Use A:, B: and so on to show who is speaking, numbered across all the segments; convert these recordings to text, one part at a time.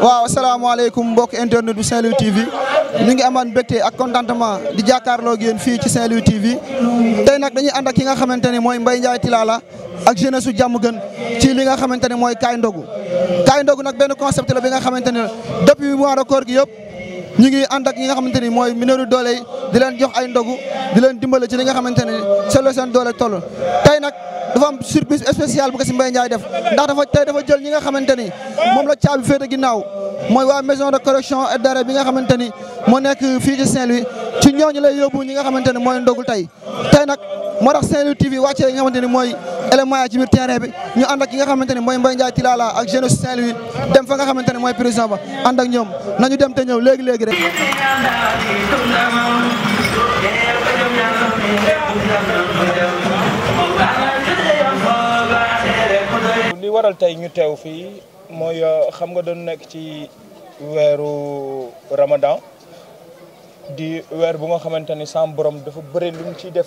A: waaw asalaamaaleykum internet du Saint Louis TV ñu ngi amane mbégte ak contentement di jakarlo ak yeen fi ci Saint Louis TV tay nak dañuy and ak ki nga xamantene moy Mbaye Ndiaye Tilala ak jeunesse su jàmm gën ci li nga xamantene moy kay ndogu kay ndogu nak ben concept la bi nga xamantene depuis mois de gi yop ñi ngi and ak ñi nga xamanteni moy mooy mineuru doole di len jox ay ndogu di len dimbalé ci li nga xamanteni ni c'est le seen doole toll tey nag dafa am surprise spécial bu ko ci mbay ñay def ndax dafa tay dafa jël ñi nga xamanteni mom la caabi féete ginnaw moy wa maison de correction et d'arrêt bi nga xamanteni mo nek fi ci Saint-Louis ci ñooñu lay yobbu ñi nga xamanteni moy ndogul tay tay nak moo tax saint TV wàcce li nga xamante ni mooy élément yi ci biir terrain bi ñu ànd ak ki nga xamante ni mooy Mbaye Ndiaye Tilala ak jeune Saint-Louis dem fa nga xamante ne mooy président ba ànd ak ñoom nañu dem te ñëw léegi léegi rek.
B: li waral tey ñu teew fii mooy euh, xam nga doon nekk ci weeru Ramadan di weer bu nga xamante sam borom dafa bëri lu mu def.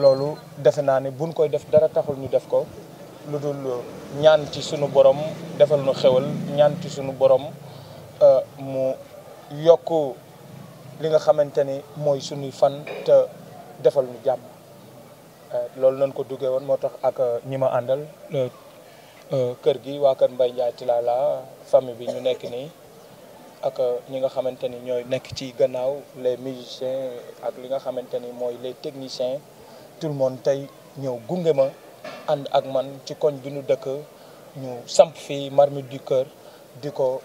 B: loolu defe naa ne buñ koy def dara taxul ñu def ko lu dul ñaan ci sunu borom defal nu xewal ñaan ci sunu borom euh, mu yokk li nga xamante ni mooy sunuy fan te defal nu jàmm euh, loolu lañ ko duggee woon moo tax ak euh, ñi ma àndal kër gi waa kër Mbaye Ndiaye Tilala famille bi ñu nekk nii ak ñi nga xamanteni ñoy nek ci gannaaw les musiciens ak li nga xamanteni moy les techniciens tout le monde tay ñëw gunge ma and ak man ci koñ bi ñu dëkk ñu samp fi marmite du cœur diko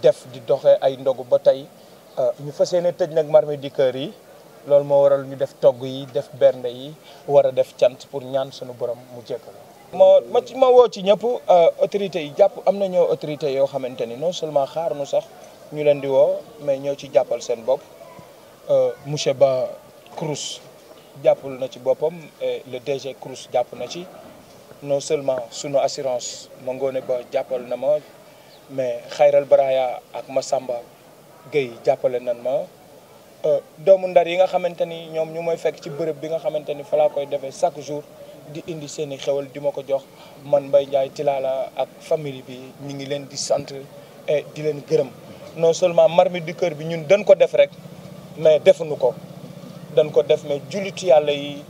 B: def di doxé ay ndogu ba tay euh, ñu fas yéene tëj nag marmite du cœur yi lool mo waral ñu def togg yi def bernde yi wara def tiant pour ñaan suñu borom mu jékkal ma ma ci ma wo ci ñëpp euh, autorité yi japp am ñoo autorité yo xamanteni non seulement xaar nu sax ñu leen di woo mais ñoo ci jàppal seen bopp euh, monsieur Ba Crous jàppal na ci boppam et le DG Crous jàpp na ci non seulement sunu assurance ma ngoone ba jàppal na ma mais Xayral Baraya ak ma Massamba Gueye jàppale nan ma euh, doomu ndar yi nga xamante ni ñoom ñu may fekk ci bërëb bi nga xamante ni fa laa koy defee chaque jour di indi seen i xewal di ma ko jox man Mbaye Ndiaye Tilala ak famille bi ñu ngi leen di sant di leen gërëm non seulement marmite di kër bi ñun dañ ko def rek mais defuñu ko dañ ko def mais jullitu yàlla yi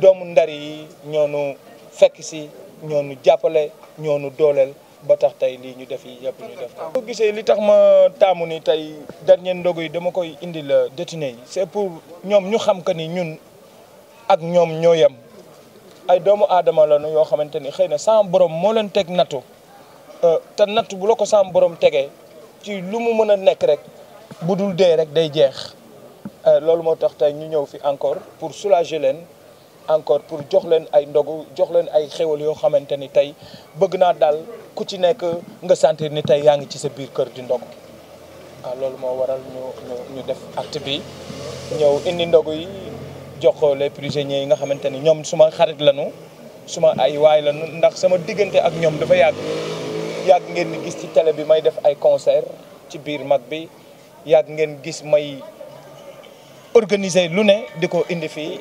B: doomu ndar yi ñoonu fekk si ñoonu jàppale ñoonu dooleel ba tax tey lii ñu def yi yëpp ñu def ko gisee li tax ma taamu ni tey dernier ndogu yi dama koy indi la détenu yi c'est pour ñoom ñu xam que ni ñun ak ñoom ñoo yem ay doomu aadama lañu yoo xamante ni xëy na sam borom moo leen teg nattu euh, te natt bu la ko sam borom tegee ci lu mu mën a nekk rek bu dul dee rek day jeex euh, loolu moo tax tey ñu ñëw fi encore pour soulager leen encore pour jox leen ay ndogu jox leen ay xéwal yoo xamante ni tey bëgg naa daal ku ci nekk nga sentir ni tey yaa ngi ci sa biir kër di ndog waaw ah, loolu moo waral ñu ñu def act bi ñëw indi ndogu yi jox ko les prisonniers yi nga xamante ni ñoom ma xarit lañu suma ay waay lañu ndax sama diggante ak ñoom dafa yàgg. yag ngeen gis ci télé bi may def ay concert ci biir mag bi yag ngeen gis may organiser lu ne diko indi fi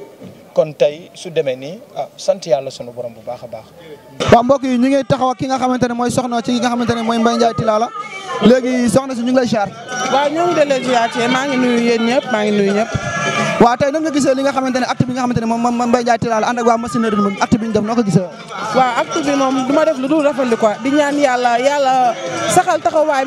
B: kon tay su démé ni ah sant yalla sunu borom bu baakha a baax.
A: ba mbok yi ñu ngi taxaw ki nga xamantene moy soxna ci nga xamantene moy mbay Mbaye Tilala léegi soxna si ñu ngi lay xaar wa ñu ngi la jiaté ma ngi nuyu yeen ñepp ma ngi nuyu ñepp waa tey nan nga gisee li nga xamante ne acte bi nga xamante ne moom Mbaye Ndiaye Tilla la ànd ak waa machinerie moom acte bi ñu def noo ko du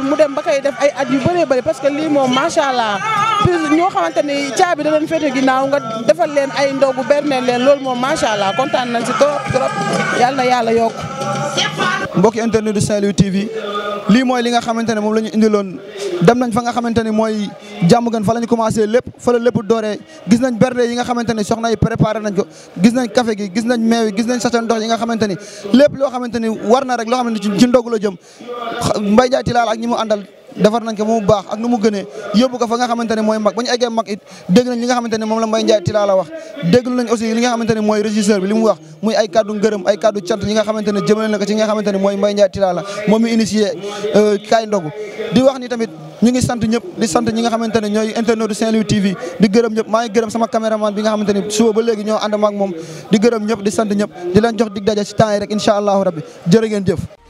A: mu dem ba koy def at yu bëree bëri parce que lii moom macha allah plus ñoo xamante ni caabi da doon féete ginnaaw nga defal leen ay ndogu berneel leen loolu moom macha allah kontaan nañ si trop trop yàlla na yàlla yokk mbokki internet du Saint Louis TV lii mooy li nga xamante ne moom la ñu indiloon dem nañ fa nga xamante ne mooy jàmm gën fa la ñu commencé lépp fa la lépp doore préparé gis nañ berde yi nga xamante ni soxna yi préparé nañ gis nañ café gi gis nañ meew yi gis nañ sachan ndox yi nga xamante ni lépp loo xamante ni war na rek loo xamante ni ci ndog la jëm mbay jaay tilaal ak ñi defar nañ ko mu bax ak nu mu gënee yóbbu ko fa nga xamante moy mag ba ñu mag it dégg nañ li nga xamante mom la Mbaye Ndiaye Tilala wax dégg nañ aussi li nga xamante moy régisseur bi limu wax muy ay cadeau ngeureum ay cadeau tiant yi nga xamante ne jëmale ko ci nga xamante moy mooy Mbaye Tilala moom mi initié euh, kay ndogu di wax ni tamit ñu ngi sant ñëpp di sant ñi nga xamante ñoy internet du Saint-Louis TV di gëreum ñëpp ma ngi gëreum sama caméraman bi nga xamante suba ba légui ñoo ànd ak mom di gëreum ñëpp di sant ñëpp di lañ jox dig dajja ci temps yi rek inshallah rabbi jërëgen jëf